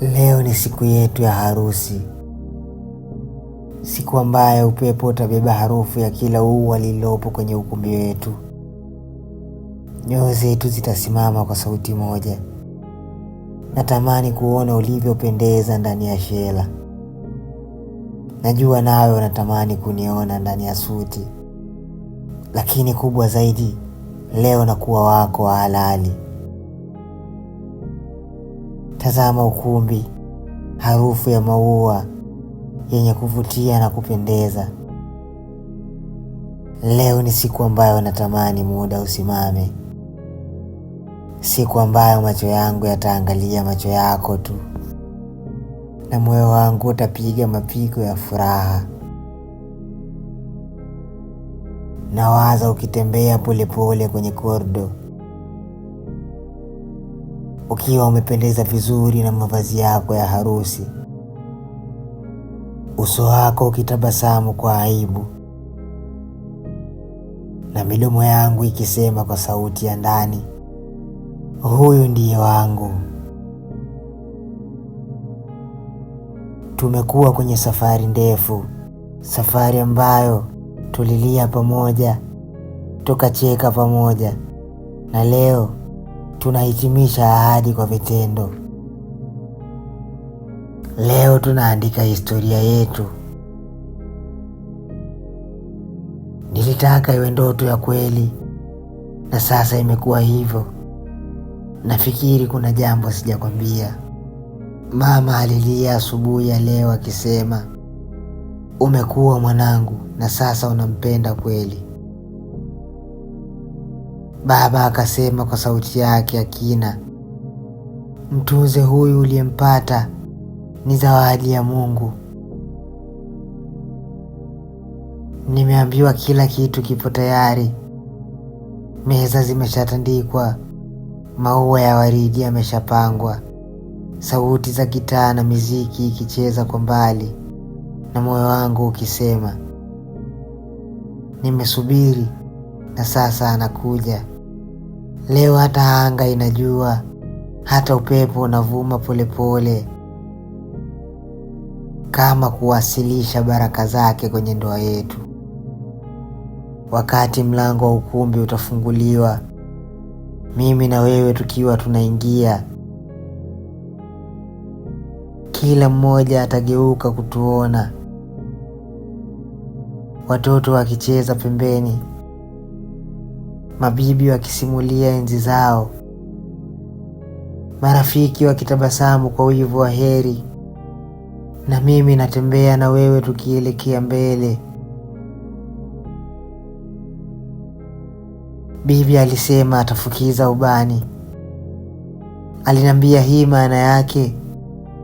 Leo ni siku yetu ya harusi, siku ambayo upepo utabeba harufu ya kila ua lililopo kwenye ukumbi wetu. Nyoyo zetu zitasimama kwa sauti moja. Natamani kuona ulivyopendeza ndani ya shela. Najua nawe unatamani kuniona ndani ya suti, lakini kubwa zaidi, leo nakuwa wako wa halali. Tazama ukumbi, harufu ya maua yenye kuvutia na kupendeza. Leo ni siku ambayo natamani muda usimame, siku ambayo macho yangu yataangalia macho yako tu na moyo wangu utapiga mapigo ya furaha. Nawaza ukitembea polepole kwenye korido ukiwa umependeza vizuri na mavazi yako ya harusi, uso wako ukitabasamu kwa aibu, na midomo yangu ikisema kwa sauti ya ndani, huyu ndiye wangu. Tumekuwa kwenye safari ndefu, safari ambayo tulilia pamoja, tukacheka pamoja, na leo tunahitimisha ahadi kwa vitendo. Leo tunaandika historia yetu. Nilitaka iwe ndoto ya kweli, na sasa imekuwa hivyo. Nafikiri kuna jambo sijakwambia. Mama alilia asubuhi ya leo akisema, umekuwa mwanangu na sasa unampenda kweli. Baba akasema kwa sauti yake ya kina, mtunze huyu uliyempata, ni zawadi ya Mungu. Nimeambiwa kila kitu kipo tayari, meza zimeshatandikwa, maua ya waridi yameshapangwa, sauti za gitaa na miziki ikicheza kwa mbali, na moyo wangu ukisema, nimesubiri na sasa anakuja. Leo hata anga inajua, hata upepo unavuma polepole kama kuwasilisha baraka zake kwenye ndoa yetu. Wakati mlango wa ukumbi utafunguliwa, mimi na wewe tukiwa tunaingia, kila mmoja atageuka kutuona, watoto wakicheza pembeni mabibi wakisimulia enzi zao, marafiki wakitabasamu kwa wivu wa heri, na mimi natembea na wewe tukielekea mbele. Bibi alisema atafukiza ubani. Aliniambia hii maana yake,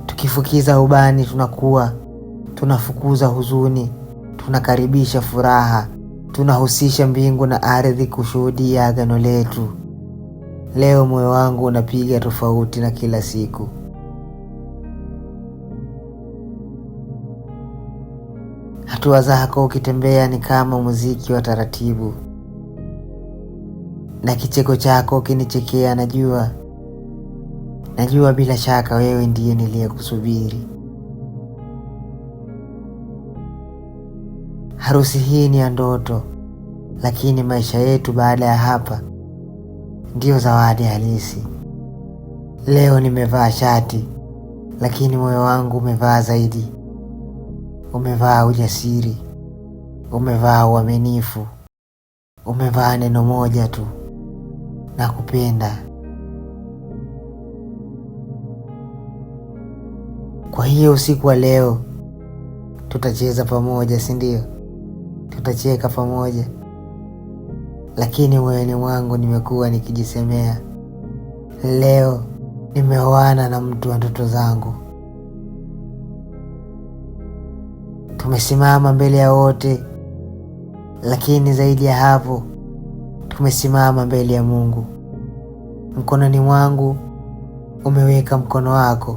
tukifukiza ubani tunakuwa tunafukuza huzuni, tunakaribisha furaha tunahusisha mbingu na ardhi kushuhudia agano letu. Leo moyo wangu unapiga tofauti na kila siku. Hatua zako ukitembea ni kama muziki wa taratibu, na kicheko chako kinichekea najua najua bila shaka wewe ndiye niliyekusubiri. Harusi hii ni ya ndoto, lakini maisha yetu baada ya hapa ndiyo zawadi halisi. Leo nimevaa shati, lakini moyo wangu umevaa zaidi. Umevaa ujasiri, umevaa uaminifu, umevaa neno moja tu, nakupenda. Kwa hiyo usiku wa leo tutacheza pamoja, si ndio? tutacheka pamoja, lakini moyoni mwangu nimekuwa nikijisemea, leo nimeoana na mtu wa ndoto zangu. Tumesimama mbele ya wote, lakini zaidi ya hapo tumesimama mbele ya Mungu. Mkononi mwangu umeweka mkono wako,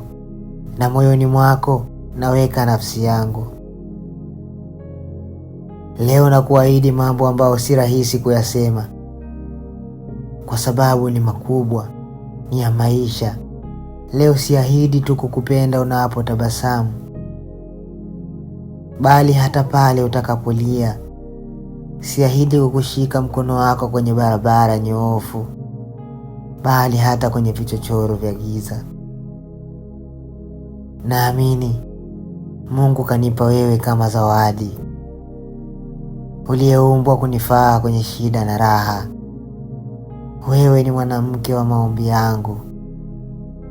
na moyoni mwako naweka nafsi yangu. Leo na kuahidi mambo ambayo si rahisi kuyasema, kwa sababu ni makubwa, ni ya maisha. Leo siahidi tu kukupenda unapotabasamu, bali hata pale utakapolia. Siahidi kukushika mkono wako kwenye barabara nyoofu, bali hata kwenye vichochoro vya giza. Naamini Mungu kanipa wewe kama zawadi uliyeumbwa kunifaa kwenye shida na raha. Wewe ni mwanamke wa maombi yangu,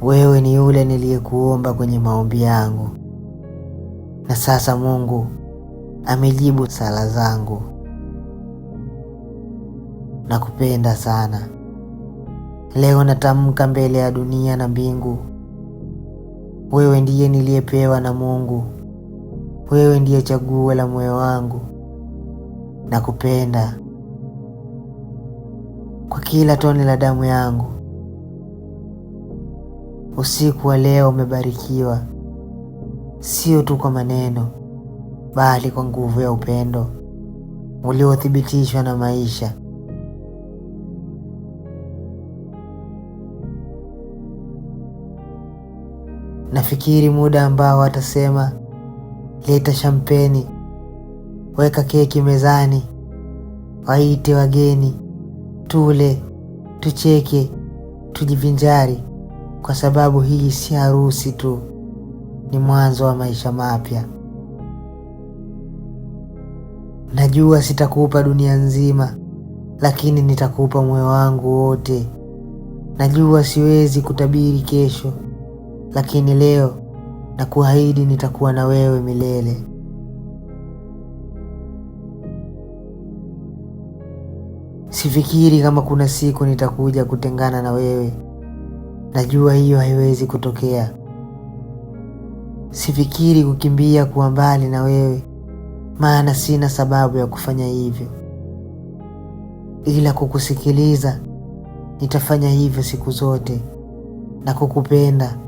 wewe ni yule niliyekuomba kwenye maombi yangu, na sasa Mungu amejibu sala zangu. Nakupenda sana. Leo natamka mbele ya dunia na mbingu, wewe ndiye niliyepewa na Mungu, wewe ndiye chaguo la moyo wangu na kupenda kwa kila tone la damu yangu. Usiku wa leo umebarikiwa, sio tu kwa maneno, bali kwa nguvu ya upendo uliothibitishwa na maisha. Nafikiri muda ambao atasema leta shampeni weka keki mezani, waite wageni, tule, tucheke, tujivinjari, kwa sababu hii si harusi tu, ni mwanzo wa maisha mapya. Najua sitakupa dunia nzima, lakini nitakupa moyo wangu wote. Najua siwezi kutabiri kesho, lakini leo nakuahidi nitakuwa na wewe milele. Sifikiri kama kuna siku nitakuja kutengana na wewe. Najua hiyo haiwezi kutokea. Sifikiri kukimbia kuwa mbali na wewe, maana sina sababu ya kufanya hivyo, ila kukusikiliza nitafanya hivyo siku zote, na kukupenda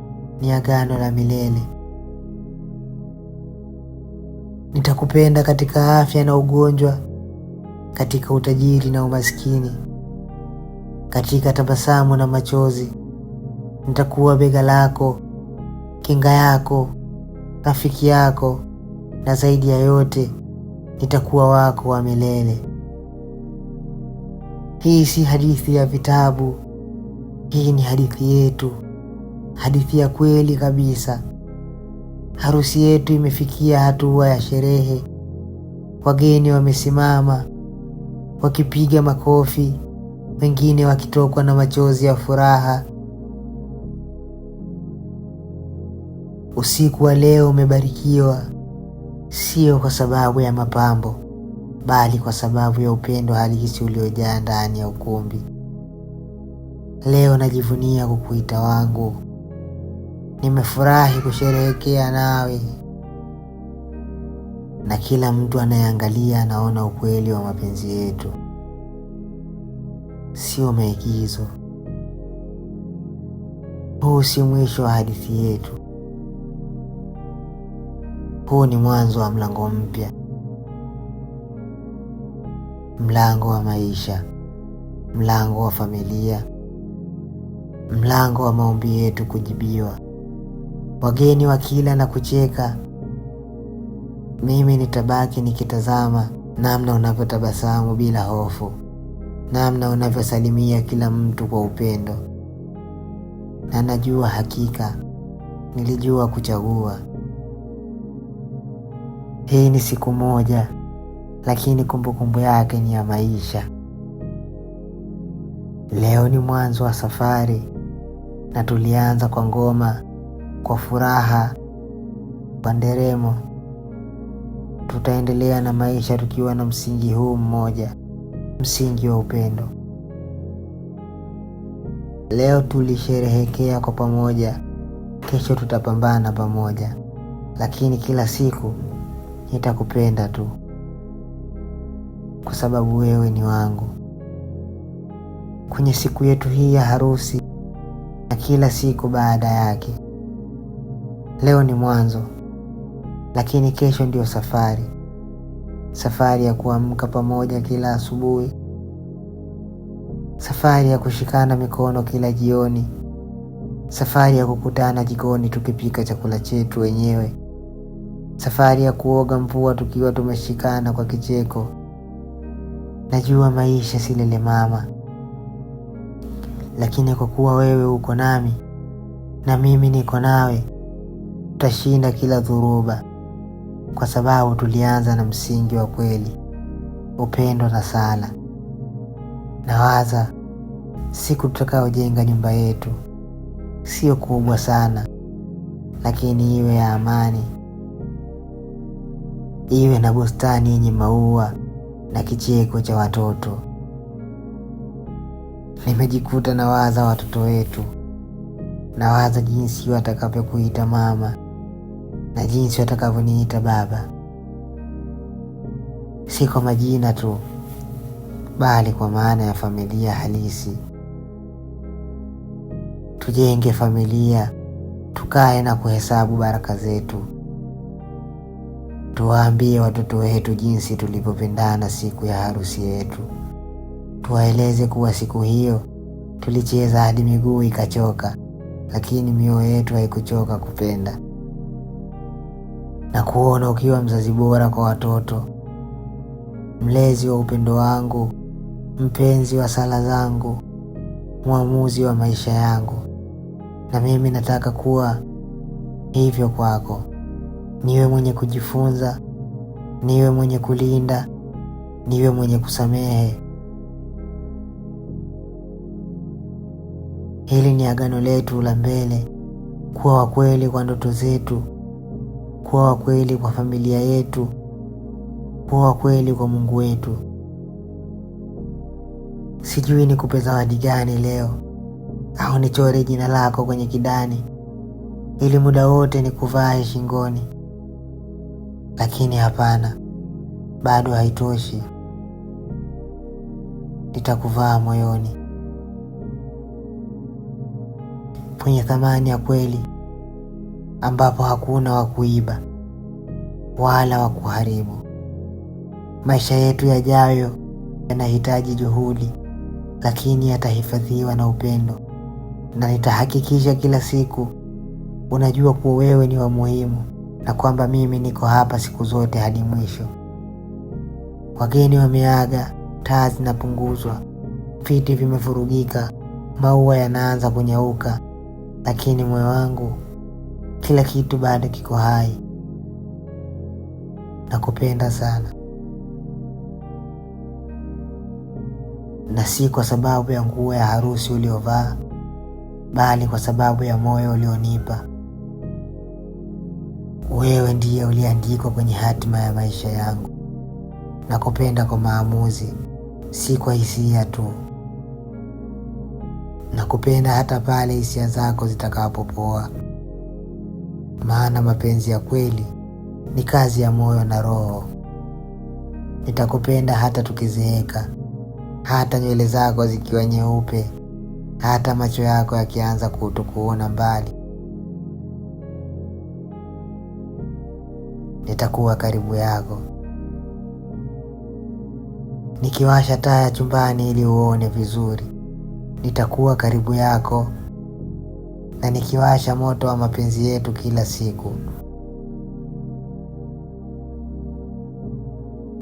ni agano la milele. Nitakupenda katika afya na ugonjwa, katika utajiri na umaskini, katika tabasamu na machozi. Nitakuwa bega lako, kinga yako, rafiki yako, na zaidi ya yote nitakuwa wako wa milele. Hii si hadithi ya vitabu, hii ni hadithi yetu, hadithi ya kweli kabisa. Harusi yetu imefikia hatua ya sherehe, wageni wamesimama, wakipiga makofi, wengine wakitokwa na machozi ya furaha. Usiku wa leo umebarikiwa, sio kwa sababu ya mapambo, bali kwa sababu ya upendo halisi uliojaa ndani ya ukumbi. Leo najivunia kukuita wangu, nimefurahi kusherehekea nawe na kila mtu anayeangalia anaona ukweli wa mapenzi yetu, sio maigizo. Huu si mwisho wa hadithi yetu, huu ni mwanzo wa mlango mpya, mlango wa maisha, mlango wa familia, mlango wa maombi yetu kujibiwa, wageni wakila na kucheka mimi nitabaki nikitazama namna unavyotabasamu bila hofu, namna unavyosalimia kila mtu kwa upendo, na najua hakika nilijua kuchagua. Hii ni siku moja, lakini kumbukumbu yake ni ya maisha. Leo ni mwanzo wa safari, na tulianza kwa ngoma, kwa furaha, kwa nderemo tutaendelea na maisha tukiwa na msingi huu mmoja, msingi wa upendo. Leo tulisherehekea kwa pamoja, kesho tutapambana pamoja, lakini kila siku nitakupenda tu kwa sababu wewe ni wangu. Kwenye siku yetu hii ya harusi na kila siku baada yake, leo ni mwanzo lakini kesho ndiyo safari, safari ya kuamka pamoja kila asubuhi, safari ya kushikana mikono kila jioni, safari ya kukutana jikoni tukipika chakula chetu wenyewe, safari ya kuoga mvua tukiwa tumeshikana kwa kicheko. Najua maisha si mama, lakini kwa kuwa wewe uko nami na mimi niko nawe, tutashinda kila dhuruba kwa sababu tulianza na msingi wa kweli, upendo na sala. Nawaza siku tutakayojenga nyumba yetu, sio kubwa sana, lakini iwe ya amani, iwe na bustani yenye maua na kicheko cha watoto. Nimejikuta nawaza watoto wetu, nawaza jinsi watakavyokuita mama na jinsi watakavyoniita Baba, si kwa majina tu, bali kwa maana ya familia halisi. Tujenge familia, tukae na kuhesabu baraka zetu, tuwaambie watoto wetu jinsi tulivyopendana siku ya harusi yetu, tuwaeleze kuwa siku hiyo tulicheza hadi miguu ikachoka, lakini mioyo yetu haikuchoka kupenda na kuona ukiwa mzazi bora kwa watoto, mlezi wa upendo wangu, mpenzi wa sala zangu, mwamuzi wa maisha yangu. Na mimi nataka kuwa hivyo kwako, niwe mwenye kujifunza, niwe mwenye kulinda, niwe mwenye kusamehe. Hili ni agano letu la mbele, kuwa wa kweli kwa ndoto zetu kuwa wakweli kwa familia yetu, kuwa wakweli kwa Mungu wetu. Sijui nikupe zawadi gani leo, au nichore jina lako kwenye kidani ili muda wote nikuvae shingoni, lakini hapana, bado haitoshi. Nitakuvaa moyoni mwenye thamani ya kweli ambapo hakuna wa kuiba wala wa kuharibu. Maisha yetu yajayo yanahitaji juhudi, lakini yatahifadhiwa na upendo, na nitahakikisha kila siku unajua kuwa wewe ni wa muhimu na kwamba mimi niko hapa siku zote hadi mwisho. Wageni wameaga, taa zinapunguzwa, viti vimevurugika, maua yanaanza kunyauka, lakini moyo wangu kila kitu bado kiko hai. Nakupenda sana, na si kwa sababu ya nguo ya harusi uliovaa, bali kwa sababu ya moyo ulionipa. Wewe ndiye uliandikwa kwenye hatima ya maisha yangu. Nakupenda kwa maamuzi, si kwa hisia tu. Nakupenda hata pale hisia zako zitakapopoa maana mapenzi ya kweli ni kazi ya moyo na roho. Nitakupenda hata tukizeeka, hata nywele zako zikiwa nyeupe, hata macho yako yakianza kutokuona mbali. Nitakuwa karibu yako, nikiwasha taa ya chumbani ili uone vizuri. Nitakuwa karibu yako na nikiwasha moto wa mapenzi yetu kila siku.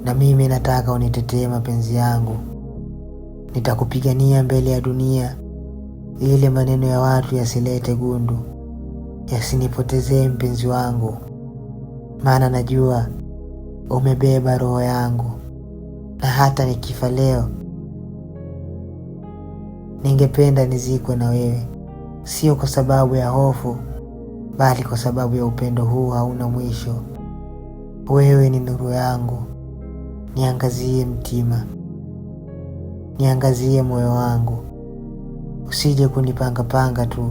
Na mimi nataka unitetee mapenzi yangu, nitakupigania mbele ya dunia, ili maneno ya watu yasilete gundu, yasinipotezee mpenzi wangu, maana najua umebeba roho yangu, na hata nikifa leo ningependa nizikwe na wewe sio kwa sababu ya hofu, bali kwa sababu ya upendo huu hauna mwisho. Wewe ni nuru yangu, niangazie mtima, niangazie moyo wangu, usije kunipangapanga tu.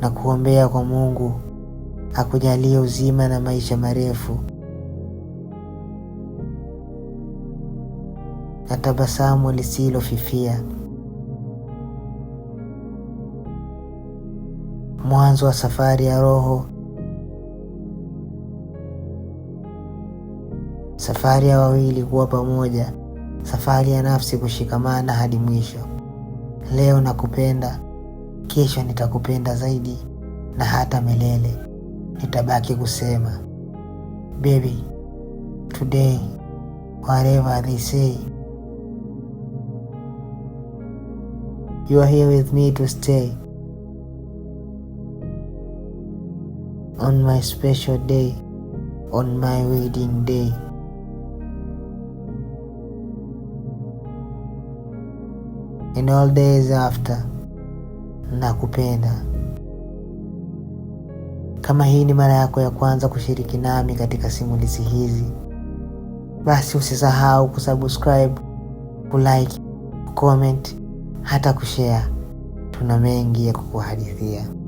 Na kuombea kwa Mungu akujalie uzima na maisha marefu. na tabasamu lisilofifia. Mwanzo wa safari ya roho, safari ya wawili kuwa pamoja, safari ya nafsi kushikamana hadi mwisho. Leo nakupenda, kesho nitakupenda zaidi, na hata milele nitabaki kusema baby today whatever they say You are here with me to stay on my special day, on my wedding day. In all days after, nakupenda. Kama hii ni mara yako ya kwanza kushiriki nami katika simulizi hizi, basi usisahau kusubscribe, kulike, kucomment hata kushare. Tuna mengi ya kukuhadithia.